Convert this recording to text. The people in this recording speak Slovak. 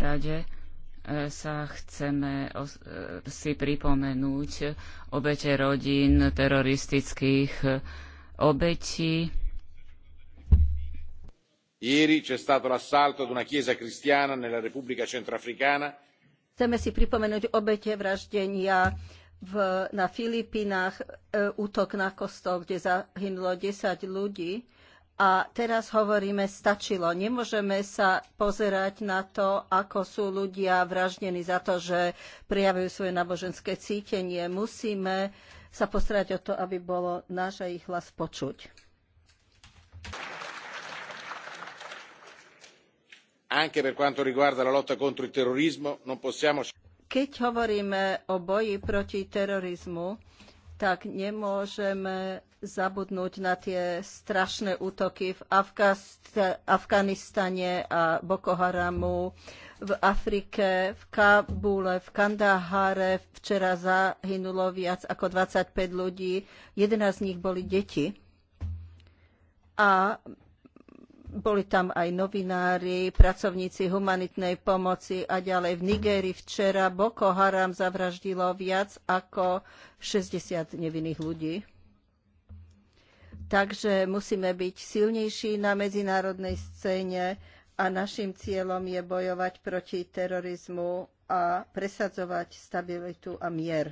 rade e, sa chceme e, si pripomenúť obete rodín teroristických e, obetí. Ieri c'è stato l'assalto ad una chiesa cristiana nella Repubblica Centrafricana. Chceme si pripomenúť obete vraždenia v, na Filipínach, e, útok na kostol, kde zahynulo 10 ľudí a teraz hovoríme, stačilo. Nemôžeme sa pozerať na to, ako sú ľudia vraždení za to, že prijavujú svoje náboženské cítenie. Musíme sa postarať o to, aby bolo náš ich hlas počuť. Anche per quanto riguarda la lotta contro il terrorismo, non possiamo... Keď hovoríme o boji proti terorizmu, tak nemôžeme zabudnúť na tie strašné útoky v Afganistane a Boko Haramu, v Afrike, v Kabule, v Kandahare. Včera zahynulo viac ako 25 ľudí, jedna z nich boli deti. A boli tam aj novinári, pracovníci humanitnej pomoci a ďalej. V Nigérii včera Boko Haram zavraždilo viac ako 60 nevinných ľudí. Takže musíme byť silnejší na medzinárodnej scéne a našim cieľom je bojovať proti terorizmu a presadzovať stabilitu a mier.